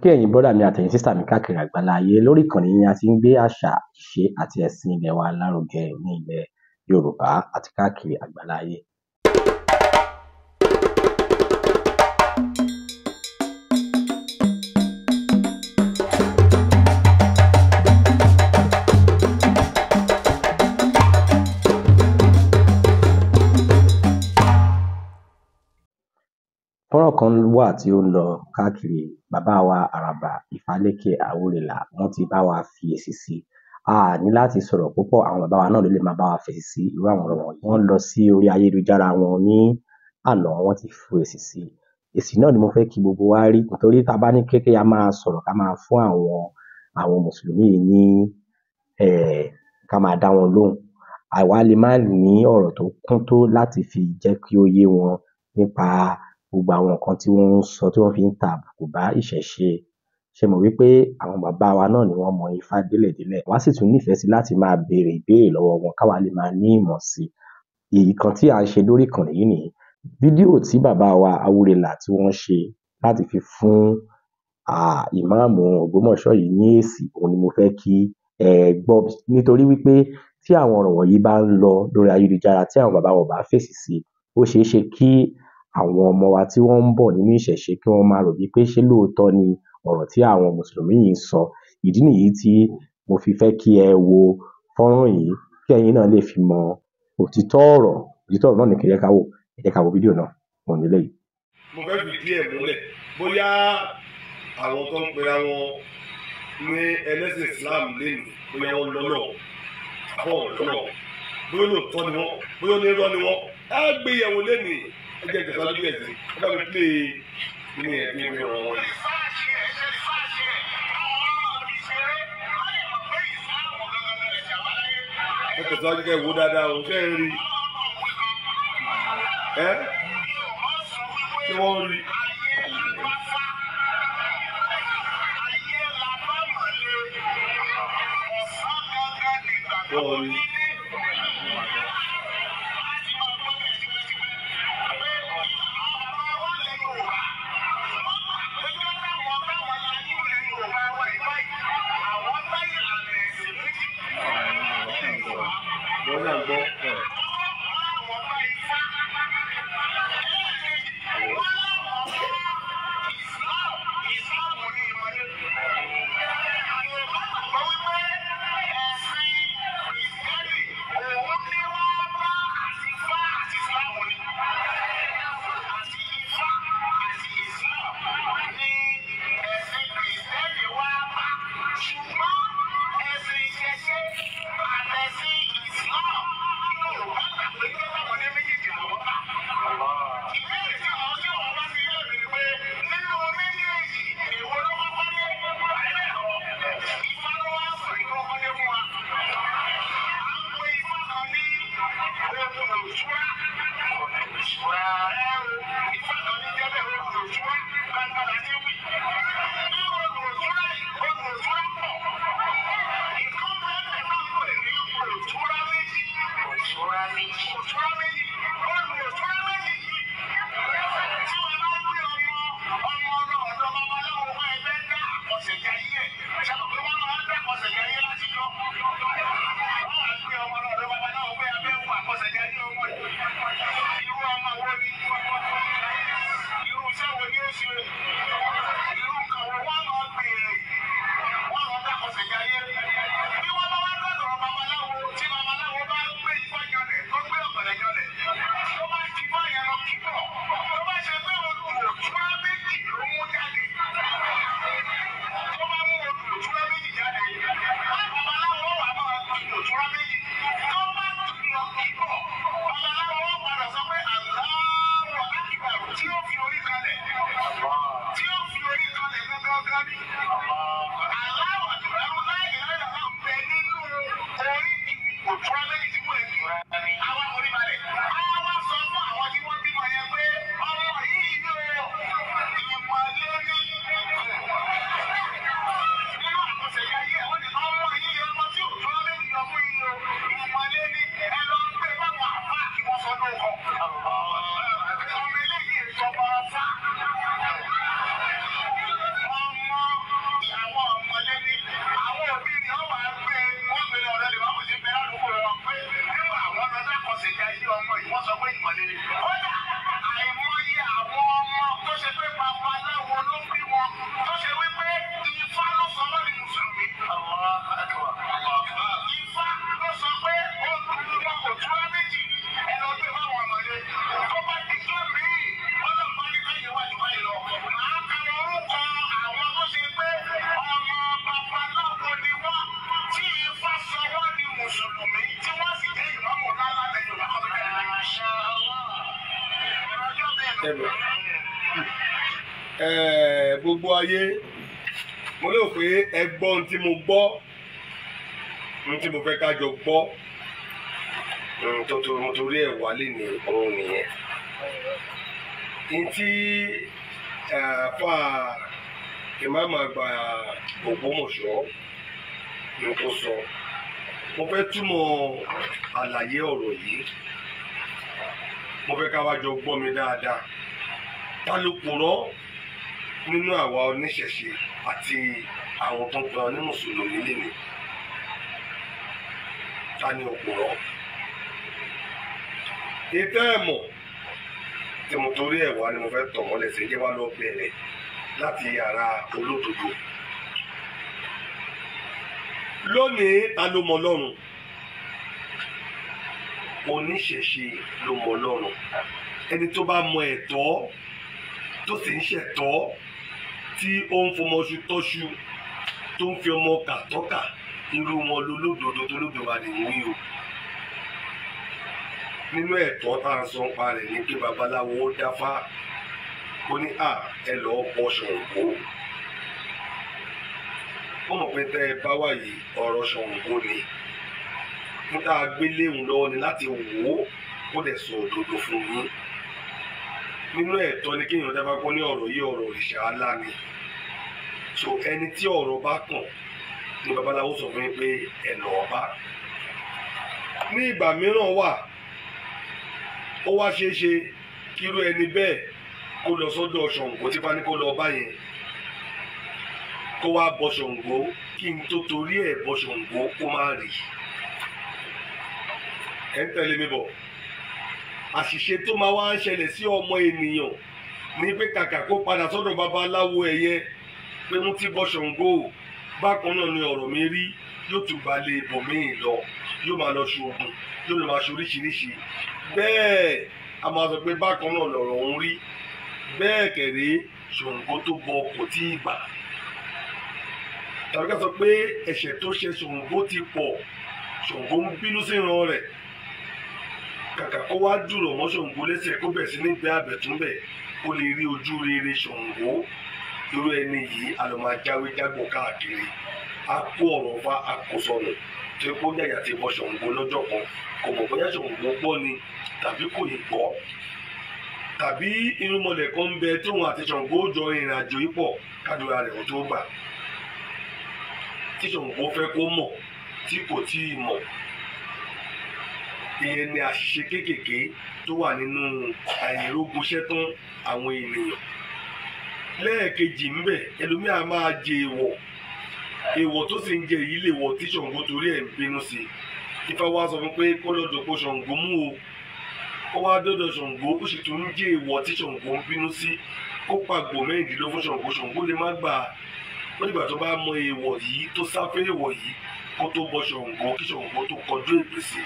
kí ẹ̀yin brọ́dà mi àtẹ̀yin sísà mi káàkiri àgbàlá ayé lórí ìkànnì yìí a ti ń gbé àṣà ìṣe àti ẹ̀sìn ilẹ̀ wa lárugẹ ní ilẹ̀ yorùbá àti káàkiri àgbàlá ayé fọ́nrán kan wà tí ó ń lọ káàkiri bàbá wa àràbà ìfálékè àwórelà wọ́n ti bá wa fi èsì sí i a ní láti sọ̀rọ̀ púpọ̀ àwọn bàbá wa náà ló lè máa bá wa fèsì sí irú àwọn ọ̀rọ̀ wọ̀nyí wọ́n lọ sí orí ayélujára wọn ní àná wọ́n ti fi èsì sí i èsì náà ni mo fẹ́ kí gbogbo wa rí nítorí tá a bá ní kékeré a máa sọ̀rọ̀ ká máa fún àwọn àwọn mùsùlùmí ní ká máa dá wọn lóhùn àwa lè má ní ọ̀rọ̀ tó kún tó láti fi jẹ́ kí ó yé wọn nípa gbogbo àwọn nǹkan tí wọ́n ń sọ tí wọ́n fi ń ta àbùkù bá ìṣẹ̀ṣe ṣe mọ̀ wípé àwọn bàbá wa náà ni wọ́n mọ Ifá délẹ̀délẹ̀ wá sì tún nífẹ̀ẹ́ sí láti máa béèrè ìbéèrè lọ́wọ́ wọn káwa lè máa ní ìmọ̀ sí i nǹkan tí à ń ṣe lórí ìkànnì yìí nìyí fídíò tí bàbá wa Àwórelà tí wọ́n ṣe láti fi fún um ìmáàmù Ògbómọ̀ṣọ́ yìí ní èsì òun ni mo fẹ́ kí ẹ gbọ́ nítorí wípé tí àwọn ọ̀rọ̀ wọ̀nyí bá ń lọ lórí ayélujára tí àwọn bàbá wa ò bá fèsì sí i ó ṣeé ṣe kí àwọn ọmọ wa tí wọ́n ń bọ̀ nínú ìṣẹ̀ṣe kí wọ́n máa rò wípé ṣé lóòótọ́ ni ọ̀rọ̀ tí àwọn mùsùlùmí yìí ń sọ. Ìdí nìyí tí mo fi fẹ́ kí ẹ wo fọ́nrán yìí kí ẹ̀yin náà lè fi mọ òtítọ́ ọ̀rọ̀, òtítọ́ ọ̀rọ̀ náà ni kì í yẹ ká wò. Ẹ jẹ́ ká wo fídíò náà, òun ni eléyìí. Mo fẹ́ fìdí ẹ̀ múlẹ̀ bóyá àwọn tó ń pera wọn ní ẹlẹ́sìn Islam lénìí bóyá wọ́n lọ́nà àbọ̀ lọ́nà bóyá lóòótọ́ ni wọ́n bóyá ó jẹ́ ìjọba lórí ẹ̀sìn ó mi pè é nínú ẹ̀mí mi ọ̀rọ̀ wọn. ẹ tẹ̀síwájú kẹ́ ẹ wo dáadáa o ṣé rí ẹ ṣé wọ́n rí. Wọ́n rí. ayé mo lérò pé ẹ gbọ́ ohun tí mo gbọ́ ohun tí mo fẹ́ ká jọ gbọ́ mo torí ẹ̀ wálé ní ọ̀run nìyẹn ntí àfa ìmáàmù àgbà Ògbómọ̀ṣọ́ ló kó sọ mo fẹ́ túmọ̀ àlàyé ọ̀rọ̀ yìí mo fẹ́ ká wá jọ gbọ́ mi dáadáa ta ló purọ́ nínú àwa oníṣẹ̀ṣe àti àwọn tó ń pè ní mùsùlùmí lẹ́nu ta ni òpùrọ́ ìtẹ́ ẹ̀mọ̀ tí mo torí ẹ̀ wá ni mo fẹ́ tọ̀ mọ́lẹ̀ sí jẹ́ wá lọ bẹ̀rẹ̀ láti yàrá olódodo lónìí ta ló mọ lọ́run oníṣẹ̀ṣe ló mọ lọ́run ẹni tó bá mọ ẹ̀tọ́ tó sì ń ṣẹ̀tọ́ tí ó ń fọmọ ṣu tọ́ṣu tó ń fi ọmọ kà tọ́kà irú wọn lólódodo tó lódò wa lè wí o nínú ẹ̀tọ́ tá a sọ pa rẹ̀ ní pé babaláwo ó dáfá ó ní à ẹ lọ́ọ́ bọ ṣòǹkó ó mọ̀ pé tẹ́ ẹ bá wà yìí ọ̀rọ̀ ṣòǹkó ni níta gbélé òun lọ́wọ́ ni láti wò ó kó dẹ̀ sọ òdodo fún yín nínú ẹ̀tọ́ ni kéèyàn dábàá kó ní ọ̀rọ̀ yìí ọ̀rọ̀ òrìṣà ńlá ni so ẹni tí ọ̀rọ̀ bá kàn ni babaláwo sọ fún yín pé ẹ̀nà ọba ní ìgbà mìíràn wà ó wá ṣeé ṣe kírú ẹni bẹ́ẹ̀ kó lọ sọ́dọ̀ ṣọ̀ǹgó tí bá ní kó lọ bá yẹn kó wá bọ ṣọ̀ǹgó kí n tó torí ẹ̀ bọ ṣọ̀ǹgó kó má rí ẹ̀ ń tẹ̀lé mi bọ̀ àṣìṣe tó máa wá ń ṣẹlẹ̀ sí ọmọ ènìyàn ní pé kàkà kó padà sọ́dọ̀ babaláwo ẹ̀yẹ pé mo ti bọ́ ṣàngó bákan náà ni ọ̀rọ̀ mi rí yóò tún ba lè bọ̀ mí lọ yóò máa lọ ṣoògùn yóò lè máa ṣoríṣiríṣi bẹ́ẹ̀ a máa sọ pé bákan náà lọ̀rọ̀ òun rí bẹ́ẹ̀ kẹ̀rẹ́ ṣòǹkó tó bọ kò tí ì gbà tàbí ká sọ pé ẹ̀ṣẹ̀ tó ṣe ṣòǹkó ti pọ̀ ṣòǹkó ń bínú síran rẹ̀ kàkà kó wá dúró mọ́ ṣòǹgó lẹ́sẹ̀ kó bẹ̀ sí ní gbé àbẹ̀túnbẹ̀ kó lè rí ojú rere ṣòǹgó irú ẹni yìí àlọ́mà jáwé jágbó káàkiri a kó ọ̀rọ̀ fa àkósọ̀nù tí ó kó yàyà ti bọ ṣòǹgó lọ́jọ́ kan kò mọ̀ bóyá ṣòǹgó gbọ́ ni tàbí kò yìí gbọ́ tàbí irúnmọlẹ̀ kan ń bẹ tóun àti ṣòǹgó jọ ìrìn àjò yìí pọ̀ kádùrà rẹ̀ kó tó gbà tí ṣòǹgó fẹ́ kó mọ̀ tí kò tíì mọ̀ ìyẹn ni àṣìṣe kéékèèké tó wà nínú àìrógunṣẹ́ tán àwọn ènìyàn lẹ́ẹ̀kejì ńbẹ ẹlòmíà máa jẹ èèwọ̀ èèwọ̀ tó sì ń jẹ yìí lè wọ̀ tí Ṣàngó torí ẹ̀ ń bínú sí i Ifá wa sọ fún pé kó lọ́dọ̀ kó Ṣàngó mú o ó wá dọ́dọ̀ Ṣàngó ó sì tún ń jẹ èèwọ̀ tí Ṣàngó ń bínú sí kó pàgbò mẹ́rìndínlógún fún Ṣàngó lè má gbà á ó dìgbà tó bá mọ èèwọ̀ yìí tó sáfẹ́ èèwọ̀ yìí kó tó bọ Ṣàngó kí Ṣàngó tó kọjú ìpèsè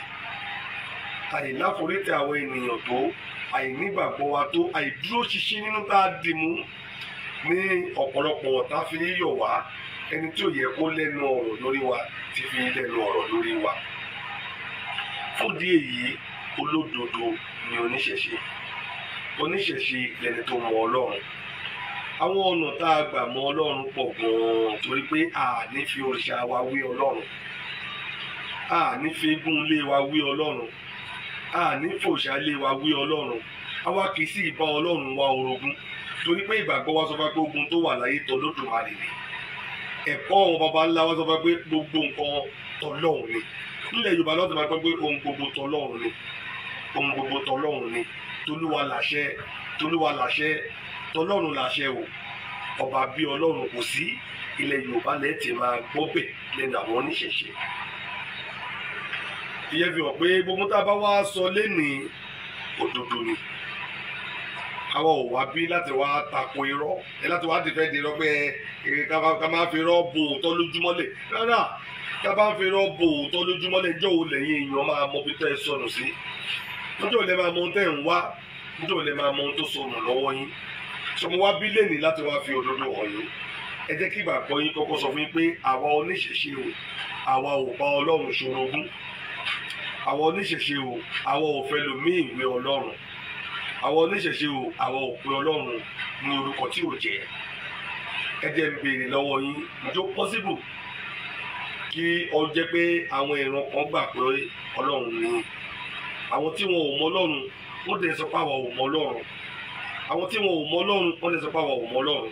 àìláforítì àwọn ènìyàn tó àìnígbàgbọ́ wa tó àìdúró ṣinṣin nínú tá a dì mú ní ọ̀pọ̀lọpọ̀ ọ̀tá fi ń yọ̀ wá ẹni tí ò yẹ kó lẹ́nu ọ̀rọ̀ lórí wa ti fi lẹ́nu ọ̀rọ̀ lórí wa. fúdi èyí olódodo ni oníṣẹ̀ṣe oníṣẹ̀ṣe lẹni tó mọ ọlọ́run àwọn ọ̀nà tá a gbà mọ ọlọ́run pọ̀ gan-an torí pé a ní fi òrìṣà wa wé ọlọ́run a ní fi eégún ilé wa wé ọlọ́run a ní fòṣàlé wa wí ọlọ́run àwa kì í sì bá ọlọ́run wa orogún torí pé ìgbàgbọ́ wa sọ fún pé ogun tó wà láyé tọ́lọ́dúnmarè ni ẹ̀kọ́ àwọn baba ńlá wa sọ fún pé gbogbo nǹkan tọ́lọ́run ni nílẹ̀ yorùbá lọ́sọ̀ máa gbọ́ pé ohun gbogbo tọ́lọ́run ni ohun gbogbo tọ́lọ́run ni tolúwa làṣẹ tolúwa làṣẹ tọ́lọ́run làṣẹ o ọba bíi ọlọ́run kò sí ilẹ̀ yorùbá lẹ́ẹ̀ máa gbọ́ bẹ̀ lẹ́nu àwọn oníṣẹ̀ṣe ìyẹn fi hàn pé gbogbo tá a bá wá sọ lénìí òdodo ni àwa ò wá bí láti wá tako irọ́ ẹ láti wá dìfẹ́ di irọ́ pé ẹ ká máa fi irọ́ bo òótọ́ lójúmọ́lẹ̀ rárá ká bá ń fi irọ́ bo òótọ́ lójúmọ́lẹ̀ jẹ́ òun lẹ́yìn èèyàn máa mọ bí tẹ́ ẹ sọnù sí níjọ́ ilẹ̀ máa mọ ohun tẹ́ ẹ̀ ń wá níjọ́ ilẹ̀ máa mọ ohun tó sọnù lọ́wọ́ yín sọmọ wá bí lẹ́nìí láti wá fi òdodo hàn yín ẹ jẹ́ kí ìgbàgbọ́ yín kọ́kọ́ sọ fún yín pé àwa oníṣẹ̀ṣe o àwa ò bá ọlọ́run ṣorogún àwọn oníṣẹ̀ṣe o àwọn ò fẹ́ lomi ìwé ọlọ́run àwọn oníṣẹ̀ṣe o àwọn ò pe ní orúkọ tí ò jẹ́ ẹ ń béèrè lọ́wọ́ yín ǹjọ́ possible kí ó jẹ́ pé àwọn ìran kan gbà pé ọlọ́run ni àwọn tí wọn ò mọ ọlọ́run wọ́n dẹ̀ sọ pé àwọn ò mọ ọlọ́run àwọn tí wọn ò mọ ọlọ́run wọ́n dẹ̀ sọ pé àwọn ò mọ ọlọ́run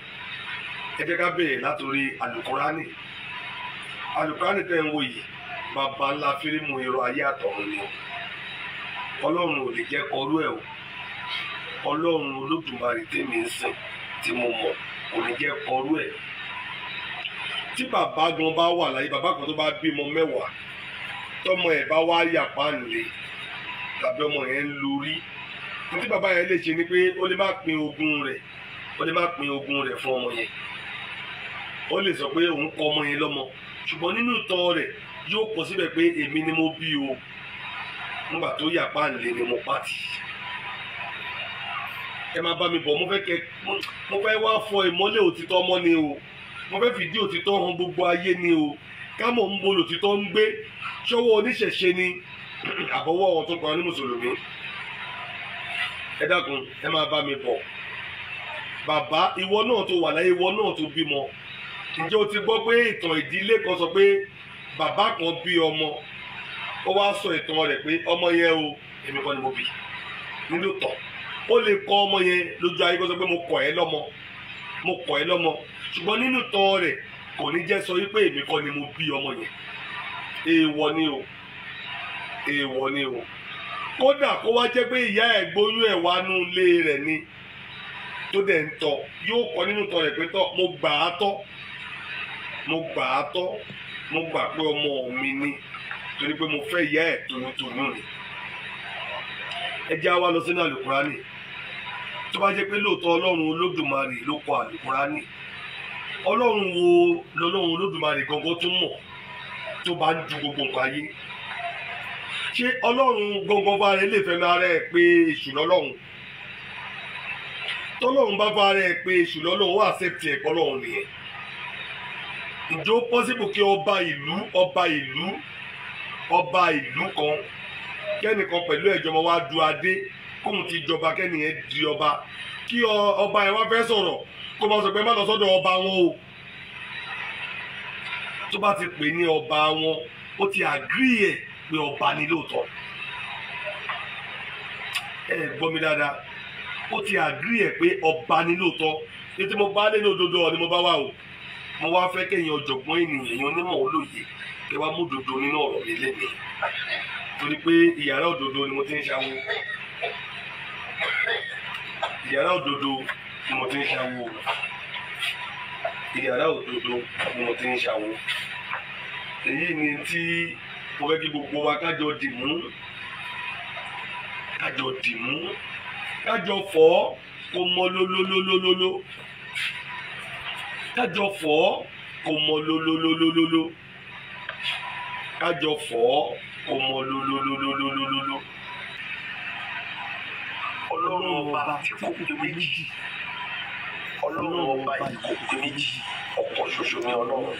ẹ jẹ́ ká béèrè látòrí àlùkùránì àlùkùránì tẹ́ ń wò yìí bàbá ńlá fírímù irọ́ ayé àtọ̀run ni ọlọ́run ò lè jẹ́ kọrú ẹ̀ o ọlọ́run olódùmarè tèmi ń sìn tí mo mọ̀ kò ní jẹ́ kọrú ẹ̀ tí bàbá gan bá wà láyé bàbá kan tó bá bímọ mẹ́wàá tọmọ ẹ̀ bá wá yàpá nílé tàbí ọmọ yẹn ń lórí tí bàbá yẹn lè ṣe ni pé ó lè má pín ogún rẹ̀ ó lè má pín ogún rẹ̀ fún ọmọ yẹn ó lè sọ pé òun kọ ọmọ yẹn lọ́mọ ṣùgbọ́n nínú ìtọ́ rẹ̀ yóò kọ síbẹ̀ pé èmi ni mo bí o nígbà tó yà pa àlè ni mo pa tì ẹ máa bá mi bọ̀ mo fẹ́ kẹ mo fẹ́ wá fọ ìmọ́lẹ̀ òtítọ́ ọmọ ni o mo fẹ́ fìdí òtítọ́ hàn gbogbo ayé ni o kámọ̀ ń bolo òtítọ́ ń gbé ṣọwọ́ oníṣẹ̀ṣe ni àbọ̀wọ́ ọ̀hún tó kọ́ra ní mùsùlùmí ẹ dákun ẹ máa bá mi bọ̀ bàbá ìwọ náà tó wà láyé ìwọ náà tó bímọ ǹjẹ́ o ti gbọ́ pé ìtàn ìdílé kan sọ pé bàbá kan bí ọmọ ó wá sọ ìtàn rẹ̀ pé ọmọ yẹn o èmi kọ́ ni mo bí nínú tọ̀ ó lè kọ́ ọmọ yẹn lójú ayé kó sọ pé mo kọ̀ ẹ́ lọ́mọ mo kọ̀ ẹ́ lọ́mọ ṣùgbọ́n nínú tọ̀ rẹ̀ kò ní jẹ́ sọ wípé èmi kọ́ ni mo bí ọmọ yẹn èèwọ̀ ni o èèwọ̀ ni o kódà kó wá jẹ́ pé ìyá ẹ̀ gbóyún ẹ̀ wá nú ilé rẹ̀ ni tó dẹ̀ ń tọ̀ yóò kọ́ nínú tọ̀ rẹ̀ pé tọ̀ mo gbà á tọ́ mo gbà á tọ́ mo gbà pé ọmọ mi ni torí pé mo fẹ́ ìyá ẹ̀ tòlótòló ni ẹ jẹ́ àwa lọ sínú àlùkùránì tó bá jẹ́ pé lóòótọ́ ọlọ́run olódùmarè ló kọ àlùkùránì ọlọ́run wo lọ́lọ́run olódùmarè gangan tó mọ̀ tó bá ń ju gbogbo nǹkan ayé ṣé ọlọ́run gangan bá rẹ lè fẹ́nu ara ẹ̀ pé èṣù lọ́lọ́run tọ́lọ́run bá bá ara ẹ̀ pé èṣù lọ́lọ́run ó accept ẹ̀ lọ́run nìyẹn Jo ó pọ́sibù kí ọba ìlú ọba ìlú ọba ìlú kan kẹ́nìkan pẹ̀lú ẹ̀jọba wa du adé kóun ti jọba kẹ́nìyẹn di ọba kí ọba yẹn wá fẹ́ sọ̀rọ̀ kó bá sọ pé má lọ sọ́dọ̀ ọba wọn o tó bá ti pè ní ọba wọn ó ti àgírí ẹ̀ pé ọba ni lóòótọ́ ẹ gbọ́ mi dáadáa ó ti àgírí ẹ̀ pé ọba ni lóòótọ́ ètò mo bá lé ní òdodo ọ̀ ni mo bá wà o mo wá fẹ́ kẹ́yìn ọ̀jọ̀gbọ́n ènìyàn èèyàn onímọ̀ olóye kẹ́ wá mú òdodo nínú ọ̀rọ̀ mi lẹ́nu torí pé ìyàrá òdodo ni mo ti ń ṣàwo ìyàrá òdodo ni mo ti ń ṣàwo ìyàrá òdodo ni mo ti ń ṣàwo èyí ni tí mo fẹ́ kí gbogbo wa kájọ dì mú kájọ dì mú kájọ fọ́ kó mọ́ lólólólólóló kájọ fọ̀ ọ́ kò mọ lólólólólóló kájọ fọ̀ ọ́ kò mọ lólólólólólóló. ọlọ́run ọba ti kó kó méjì ọlọ́run ọba ìkókó méjì ọ̀pọ̀ ṣoṣo ní ọlọ́run.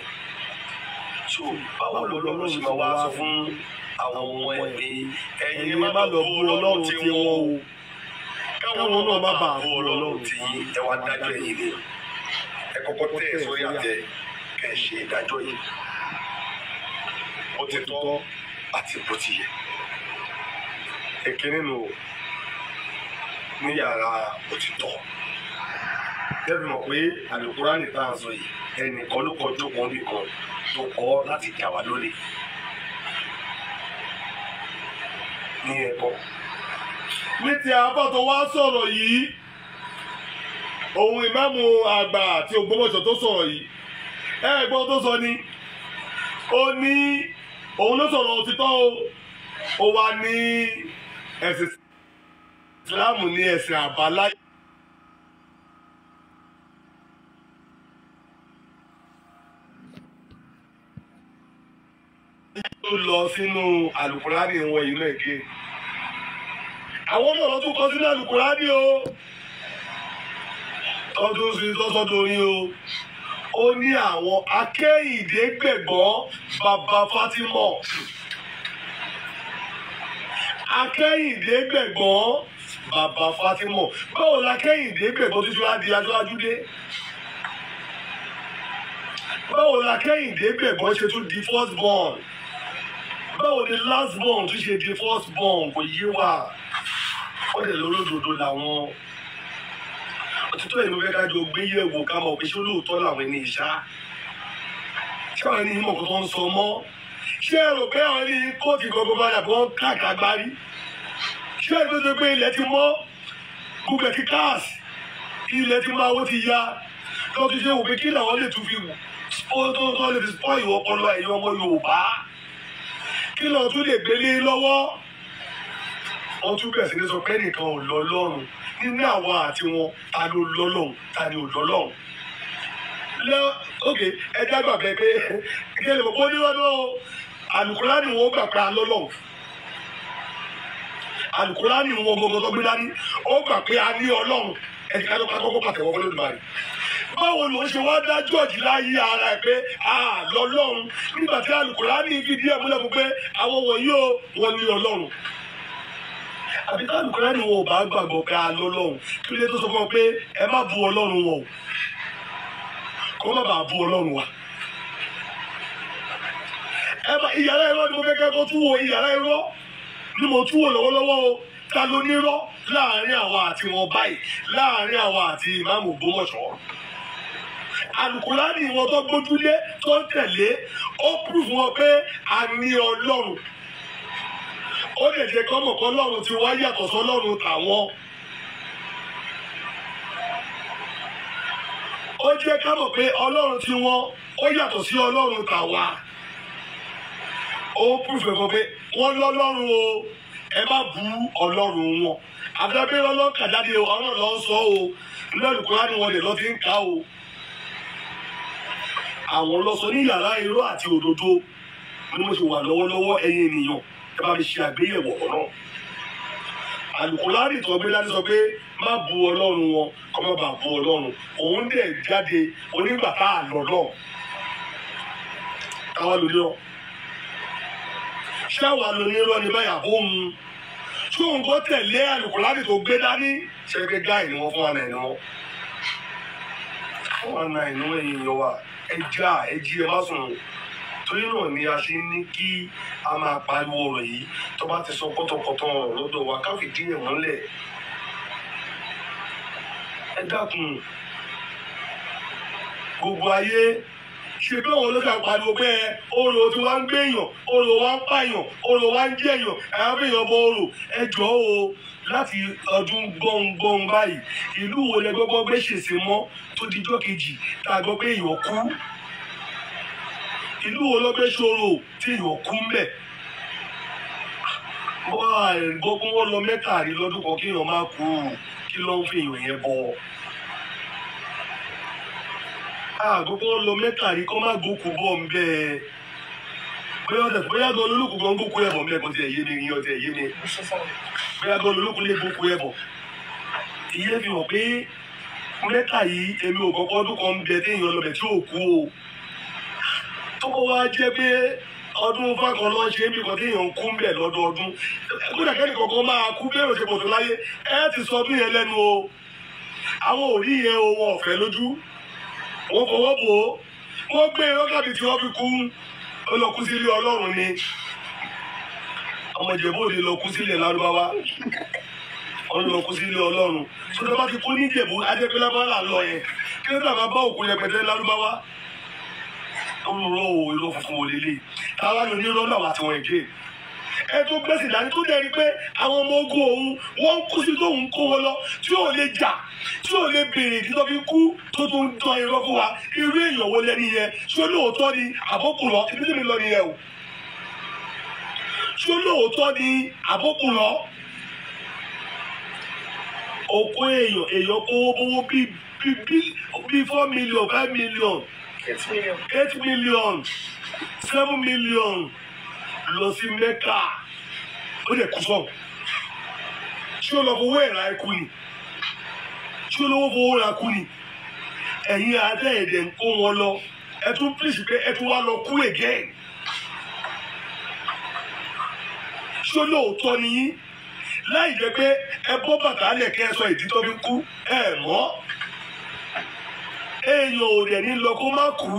so báwo lọ́lọ́run ṣe máa wá sọ fún àwọn ọmọ ẹgbẹ́ ẹ̀yin ẹ má lọ bú ọlọ́run tí wọ́n o káwọn náà má bàa bú ọlọ́run tí ẹ wá dájọ́ ẹ̀yìn lẹ́yìn kọ́kọ́ tẹ̀ ẹ́ sórí àtẹ kẹ́ ẹ ṣe ìdájọ́ yìí bó ti tọ́ àti bó ti yẹ èkínní nù ní yàrá òtítọ́ tẹ́bí mọ̀ pé àlùkùránì tá a sọ yìí ẹnìkan ló kọ jókòó nìkan tó kọ́ láti jà wá lólè ní ẹ̀kọ́. ní ti àbọ̀ tó wá sọ̀rọ̀ yìí òun ìmáàmù àgbà àti Ògbómọ̀ṣọ́ tó sọ̀rọ̀ yìí ẹ gbọ́ tó sọ ni ó ní òun ló sọ̀rọ̀ òtítọ́ o ó wá ní ẹ̀sìn Ìsìláàmù ní ẹ̀sìn àbáláyé. tó lọ sínú àlùkùránì wọn yìí náà gé àwọn náà lọ tún kọ sínú àlùkùránì o tọ́tún sí tọ́tún torí o ó ní àwọn akẹ́yìndé gbẹ̀gbọ́n bàbá Fatima akẹ́yìndé gbẹ̀gbọ́n bàbá Fatima báwo la akẹ́yìndé gbẹ̀gbọ́n tó ti wá di aṣáájú dé báwo la kẹ́hìndé gbẹ̀gbọ́n ṣe tún di first born báwo ni last born tún ṣe di first born kò yé wa ó lè lórí òdòdó làwọn òtítọ́ ẹ̀ ló fẹ́ ká gbé yẹ̀wò ká mọ̀ pé ṣé olóòótọ́ làwọn ẹni ìṣá ṣé àwọn ẹni mọ̀ kó sọ mọ́ ṣé ẹ rò pé àwọn ẹni kóòtù gbogbo padà bọ́ ń káàkà gbárí ṣé ẹ tó ṣe pé ilẹ̀ ti mọ́ gbogbo ẹ̀ ti ilẹ̀ ti máa wó ti ya lọ́ ti ṣe wò pé kí làwọn lè tún fi tó lè fi pọ́ ìwọ ọpọlọ ẹ̀yìn ọmọ Yorùbá kí làwọn tún lè gbélé lọ́wọ́ wọ́n tún bẹ̀rẹ̀ sí ní sọ pé nìkan ò lọ lọ́rùn nínú àwa àti wọn ta ló lọ́lọ́run ta ni ò lọ́lọ́run lọ òkè ẹjẹ àgbàgbẹ pé kíkẹ́ lè mọ̀ kó níwọ́nú alukurani wọn gbà pé alọ́lọ́run alukurani wọn gbogbo gbé dání ó gbà pé a ní ọlọ́run ẹ̀jẹ̀ ká ló kọ́kọ́ pàtẹ́wọ́ fún olódùmarè báwo ló ń ṣe wá dá george láyé ara ẹ pé a lọ́lọ́run nígbà tí alukurani fìdí ẹ̀ múlẹ̀ fún pé àwọn wọ̀nyí ò wọ́n ní ọlọ́run àbí táwọn olùkọ́ ni wọn ò bá gbàgbọ́ pé a lọ lọ́hùn kí ló tó sọ fún ọ pé ẹ má bu ọlọ́run wọn o kó má bàa bu ọlọ́run wa. ìyàrá irọ́ ni mo fẹ́ kẹ́kọ̀ọ́ tún wo ìyàrá irọ́ ni mo tún wò lọ́wọ́lọ́wọ́ o ta ló nírọ́ láàrin àwa àti wọn báyìí láàrin àwa àti ìmáàmù Ògbómọ̀ṣọ́ alukurani wọn tó gbójúlé tó ń tẹ̀lé ó prove wọn pé a ní ọlọ́run ó lè jẹ́ kọ́ mọ̀ pé ọlọ́run ti wá yàtọ̀ sọ́lọ́run tàwọn. ó jẹ́ ká mọ̀ pé ọlọ́run ti wọn ó yàtọ̀ sí ọlọ́run tàwa. ó pùfẹ̀ fún pé wọ́n lọ́lọ́run o ẹ má bú ọlọ́run wọn. àdàbẹ́ ọlọ́kà jáde ọlọ́run lọ sọ o lẹ́nu kúránì wọn lè lọ́ fi ń ká o. àwọn lọ sọ ní yàrá irọ́ àti òdodo ni mo ṣe wà lọ́wọ́lọ́wọ́ ẹ̀yin ènìyàn ẹ bá mi ṣe àgbéyẹ̀wò ọ̀rọ̀ alukulari tó gbé láti sọ pé má bu ọlọ́run wọn kó má bàa bu ọlọ́run òun dẹ̀ jáde onígbà tá a lọ́dọ̀ káwa lórí ọ ṣé àwa lórí irọ́ ni báyà bó mu tí òun kò tẹ̀lé alukulari tó gbé dání ṣẹ́gbẹ́ gáì ni wọ́n fún àná ẹ̀ náà fún àná ẹ̀ náà èèyàn wa ẹ já ẹ jí ẹ sùn torí náà ni a ṣe ní kí a máa pariwo ọ̀rọ̀ yìí tó bá ti sọ kọ́tọ̀kọ́tọ̀ ọ̀rọ̀ lọ́dọ̀ wa ká fìdí ẹ̀ múlẹ̀ ẹ dákun gbogbo ayé ṣe bí àwọn olóṣèlú pariwo pé orò tí wọ́n ń gbèyàn orò wa ń pààyàn orò wa ń jẹ̀yàn àbẹ̀yàn bọ orò ẹjọ́ o láti ọdún gbọ̀ngbọ̀n báyìí ìlú wo lẹ gbọ́gbọ́ gbé ṣèṣe mọ́ tó dijọ́ kejì tá a gbọ́ pé èèyàn kú ìlú wo ló gbé ṣòro tí yóò kú mbẹ wá gbogbo wọn lọ mẹ́tàrí lọ́dún kan kí èèyàn má kú kí ló ń fi èèyàn yẹn bọ gbogbo wọn lọ mẹ́tàrí kọ́ má gòkú bọ̀ mbẹ bóyá ọ̀dà bóyá gan olólùkù gan gòkú ẹ̀bọ̀ mbẹ kò tiẹ̀ yé ni ìyẹn ọ̀tẹ̀ yé ni bóyá gan olólùkù lè gòkú ẹ̀bọ̀ ìyẹn fi hàn pé mẹ́tà yìí èmi ò kọ́kọ́ ọdún kan bẹ o tó bá wá jẹ́ pé ọdún fákan lọ ṣe bí kan téèyàn kú ń bẹ̀ lọ́dọọdún kódà kẹ́ni kankan máa kú bẹ́ẹ̀rù ṣe pọ̀tò láyé ẹ ti sọ bí yẹn lẹ́nu o àwọn òrí yẹn o ọ̀fẹ́ lójú wọn fọwọ́ bò ó wọ́n gbé rọ́kàbí e, tí wọ́n fi kú ó lọ kú sílé ọlọ́run ni ọmọ ìjẹ̀bú òde lọ kú sílé lárúbáwá ọ̀n lọ kú sílé ọlọ́run sọdọ́ bá ti kú níjẹ̀bú adẹ́pẹ́lábá là ń lọ yẹn kí rọ o irọ́ funfun ò lélẹ̀ táwa ló ní irọ́ náà àti wọn ẹ̀jẹ̀ ẹ tó gbèsè dání tó dẹni pé àwọn ọmọ ogun òun wọn kú sí tóun kó wọn lọ tí ò lè jà tí ò lè béèrè títọ́ fi kú tó tó ń tan irọ́ fún wa irú èèyàn wo lẹ́ni yẹn ṣé lóòótọ́ ni àbókùrọ̀ ibi tí mi lọ nìyẹn o ṣé lóòótọ́ ni àbókùrọ̀ òkú èèyàn èèyàn kó owó bí bí bí four million five million. 8 million 7 million seven million lọ sí mẹ́ta ó dẹ̀ kú sọ̀rọ̀ ṣé o lọ fowó ẹ̀ ra ikú ni ṣé o lọ́wọ́ fowó ra ikú ni ẹ̀yin adé ẹ̀dẹ̀ ń kó wọn lọ ẹ tún pílíṣì pé ẹ tún wá lọ kú again ṣé o lóòótọ́ nìyí láì jẹ́ pé ẹ bọ́ bàtà lẹ̀ kẹ́ ẹ sọ ìdí fi kú ẹ mọ́ èèyàn ò dẹ̀ ní lọ kó má kú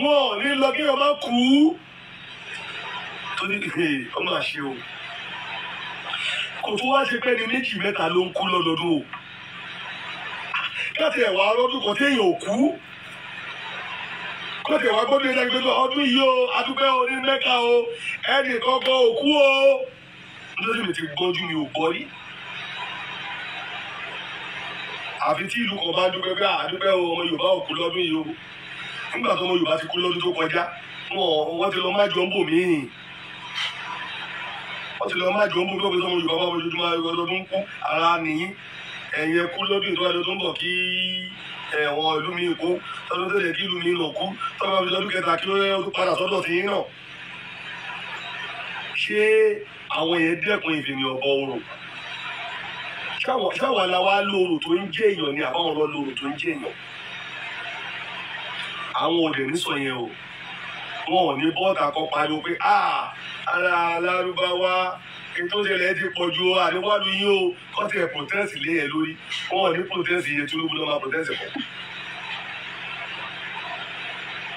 wọn ò ní lọ kí wọn má kú torí ọmọ àṣẹ o kò tó wá ṣe pé ní méjì mẹ́ta ló ń kú lọ́dọọdún o láti ẹ̀wà ọlọ́dún kan téèyàn ò kú láti ẹ̀wà gbọ́dọ̀ ẹ̀dá gbẹ́gbẹ́ ọdún yìí o adúpẹ́ o ní mẹ́ka o ẹnì kankan ò kú o lórí mi ti gbọ́jú mi ò gbọ́ rí àfi tí ìlú kan bá dúpẹ́ pé àdúpẹ́ ọmọ Yorùbá ò lọ́dún yìí o nígbà tó ọmọ Yorùbá ti kú lọ́dún tó kọjá wọ́n ti lọ má jọ ń bò míì wọ́n ti lọ má jọ ń bò míì ọmọ Yorùbá bá wọn lójúmọ́ ọdún kú ara nìyí ẹ̀yìn ẹkú lọ́dún ìtọ́jú tó ń bọ̀ kí ẹ̀wọ̀n ìlú mi kú tọ́dún tó lè kí ìlú mi lọ kú tọ́dún tó lọ́dún kẹta kí ó padà sọ́dọ̀ sí náà ṣé àwọn yẹn dẹ́kun ìfìmì ọ̀bọ orò sáwọn aláwa lóru tó ń jẹ́ èèyàn ni àwọn ọ̀rọ̀ lóru tó ń jẹ́ èèyàn àwọn òde nísọ yẹn o wọn ò ní bọ́ọ̀tà kan pariwo pé ara alárúbáwá ètò ìṣẹ̀lẹ̀ ti pọ̀ ju àníwájú yín o kọ́ ti ẹ̀ protest lé ẹ̀ lórí wọn ò ní protest yẹn Tinubu ló máa protest kọ́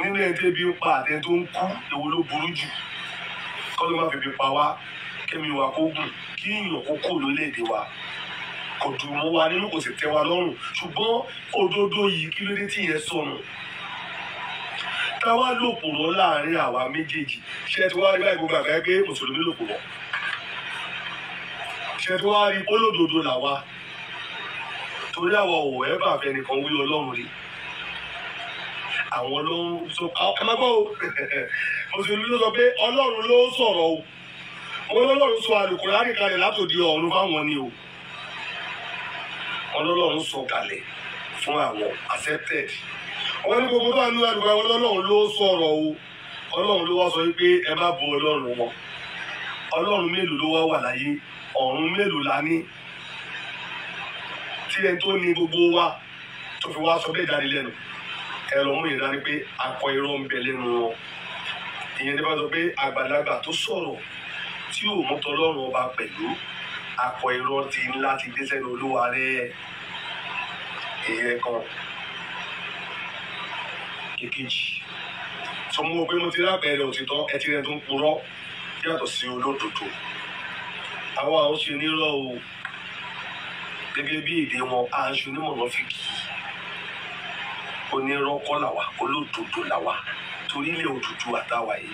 nínú ẹ̀ tẹ́bi ń pa àtẹ tó ń kú èwo ló burú jù kọ́ ló má fi fi pa wá kẹ́mi wà kó gùn kí ìyàn kó kò lólè dé wa kò dùn mọ́ wa nínú kò sì tẹ́ wa lọ́rùn ṣùgbọ́n òdodo yìí kí ló dé tí yẹn sọnù táwa lòpùrọ̀ láàrin àwa méjèèjì ṣe tí wàá rí báyìí gbogbo àgbáyé pé mùsùlùmí lòpùrọ̀ ṣe tí wàá rí olódodo làwa torí àwa ò ẹ́bà fẹnìkan wí ọlọ́run rí àwọn ló ń sọ ẹ má gbọ́ o mùsùlùmí ló sọ pé ọlọ́run ló sọ̀rọ̀ o wọn lọ́lọ́run sọ àlùkò láti kalẹ̀ látòdì ọ̀run fáwọn ni o wọn lọ́lọ́run sọ kalẹ̀ fún àwọn accepted wọn ní gbogbo náà nínú àdúrà wọn lọ́lọ́run ló sọ̀rọ̀ o ọlọ́run ló wá sọ wípé ẹ má bo ọlọ́run wọn ọlọ́run mélòó ló wá wà láyé ọ̀run mélòó la ní tí ẹni tó ní gbogbo wa tó fi wá sọ bẹ́ẹ̀ jáde lẹ́nu ẹ mú ìdání pé akọ irọ́ ń bẹ lẹ́nu wọn ìyẹn ní bá sọ pé àgbàlagbà tó sọ̀rọ̀ tí ò mú tọlọ́run ọba pẹ̀lú akọ irọ́ ti ńlá ti dé sẹ́nu olúwa rẹ̀ ìyẹn kan ìkejì tó mú o pé mo ti rábẹ̀rẹ̀ òtítọ́ ẹ ti rẹ̀ tó ń purọ́ yàtọ̀ sí olódodo àwọn àwọn ṣe nírọ̀ o gẹ́gẹ́ bí èdè wọn aṣọ onímọ̀lọ́fíkì onírọ́kọ́ làwà olódodo làwà torí ilé òdùdú àtàwà yìí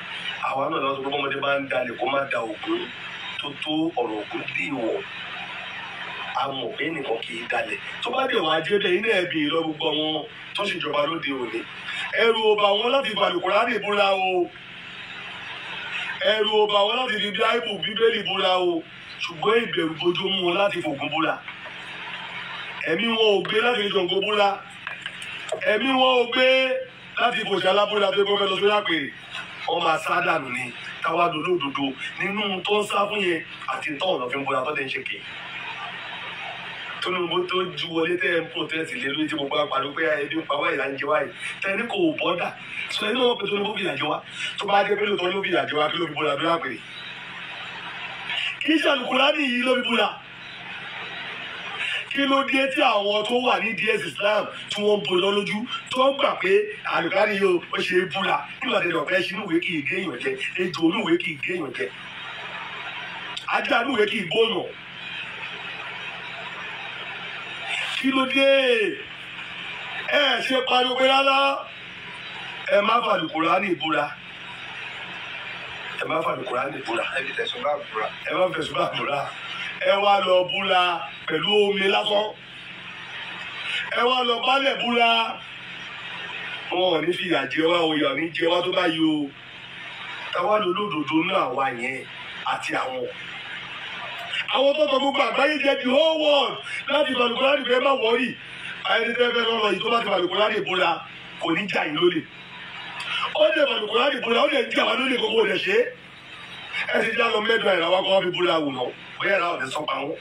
àwa náà lọ́sọ̀rọ̀ ọmọdé máa ń dalẹ̀ kó má da ògún tó tó ọ̀rọ̀ ògùn dé ìwọ̀ amọ̀ bẹ́ẹ̀ nìkan kì í dalẹ̀ tó bá dẹ̀ wàá jẹ́ bẹ́ẹ̀ iná ẹ̀bì lọ gbogbo àwọn tó sì jọba lóde òní ẹrù ọba wọn láti balùkùrá lè búra o ẹrù ọba wọn láti fi bíáìbù bíbélì búra o ṣùgbọ́n ìbẹ̀rù bojú mú wọn láti fògùn búra ẹ̀mí wọn ò gbé láti jọ̀ǹgó búra ẹ̀mí wọn ò gbé láti fòṣàlá búra tó gbọ́ lọ sórí àpèrè ọmọ asádànù ni káwá lórí òdodo nínú tó ń sá fún yẹn àti tó ọ̀nà fi ń bọ́ra tó dẹ̀ ń ṣe kè. Tinubu tó ju wọlé tẹ́ ẹ ń protest lé lórí tí gbogbo apàdé pé ẹbí ń pa wá ìlà ń jẹ wáyé tẹ́ni kò bọ́dà sọ ẹni wọn pe Tinubu fìyà jẹ wá tó bá dé pé lóòótọ́ ló fìyà jẹ wá kí ló fi bọ́dà bí wọ́n á pè é. Kì í ṣàlùkùrá nìyí ló fi bọ́dà kí ló dé tí àwọn tó wà ní ds islam tí wọ́n ń bọ́lọ́ lójú tó ń gbà pé àlùkárí yóò ó ṣe é búra nígbà tí ọ̀pẹ ṣe inúwèé kì í gé èèyàn jẹ ejò inúwèé kì í gé èèyàn jẹ ajá inúwèé kì í gbóyàn kí ló dé ẹ ṣe pariwo pé rárá ẹ má fàlùkùrá ní ìbúra ẹ má fàlùkùrá ní ìbúra ẹ má fẹ̀sùn bá ìbúra ẹ wá lọ búra pẹ̀lú omi lásán ẹ wá lọ bálẹ̀ búra wọn ò ní fìyà jẹ wá o yà ní jẹ wá tó bá o táwa lò lódodo náà wà yẹn àti àwọn àwọn tó tọ gbogbo àgbáyé jẹ the whole world láti balùkùnrin fẹ má wọrí ayélujáfẹ lọrọ yìí tó bá ti balùkùnrin búra kò ní jà yín lólè ó lè balùkùnrin búra ó lè jà wá lólè kókó rẹ ṣe ẹ ti já lọ mẹdùn àìràwá kó wá fi búra wù náà bóyá ìlà òde sọ pa wọn.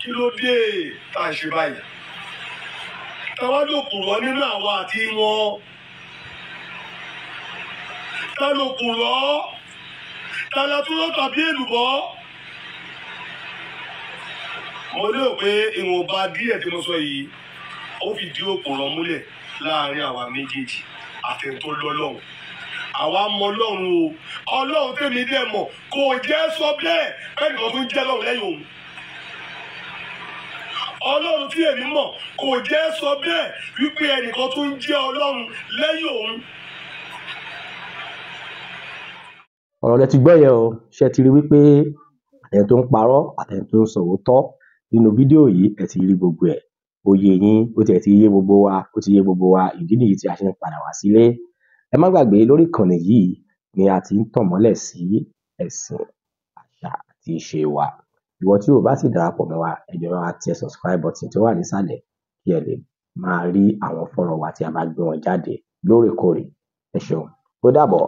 kí ló dé tá a ṣe báyìí táwa ló kùrọ̀ nínú àwa àti wọn tá ló kùrọ̀ tá la tún lọ tàbí èlùbọ́ mo lérò pé ìwọ̀nba díẹ̀ tí mo sọ yìí ó fìdí òpòrọ̀ múlẹ̀ láàrin àwa méjèèjì àtẹ̀ntó lọ́lọ́run àwa mọ ọlọ́run o ọlọ́run tèmi dẹ̀ mọ̀ kò jẹ́ sọ bẹ́ẹ̀ bẹ́ẹ̀ nìkan tún jẹ́ lọ́run lẹ́yìn òun ọlọ́run tí èmi mọ̀ kò jẹ́ sọ bẹ́ẹ̀ wípé ẹnìkan tún jẹ́ ọlọ́run lẹ́yìn òun. ọ̀rọ̀ lẹ ti gbọ́ yẹn o ṣe ti rí wípé àtẹ̀yìn tó ń parọ́ àtẹ̀yìn tó ń sọ òótọ́ nínú fídíò yìí ẹ̀ ti rí gbogbo ẹ̀ ó yín ó tiẹ̀ ti yé gbogbo wa ó ti yé gbogbo wa ìdí nìyí tí a ṣe ń padà wá sílé Ẹ má gbàgbé lórí ìkànnì yìí ni a ti ń tàn mọ́lẹ̀ sí ẹ̀sìn, àṣà àti ìṣe wa. Ìwọ tí o ò bá tíì darapọ̀ mọ́ wa, ẹ jọ̀ọ́ ẹ rọra tẹ subscribe button tí ó wà nísàlẹ̀ kí ẹ lè máa rí àwọn fọ́nrán wa tí a bá gbé wọn jáde lóòrèkóòrè. Ẹ ṣeun, ó dàbọ̀.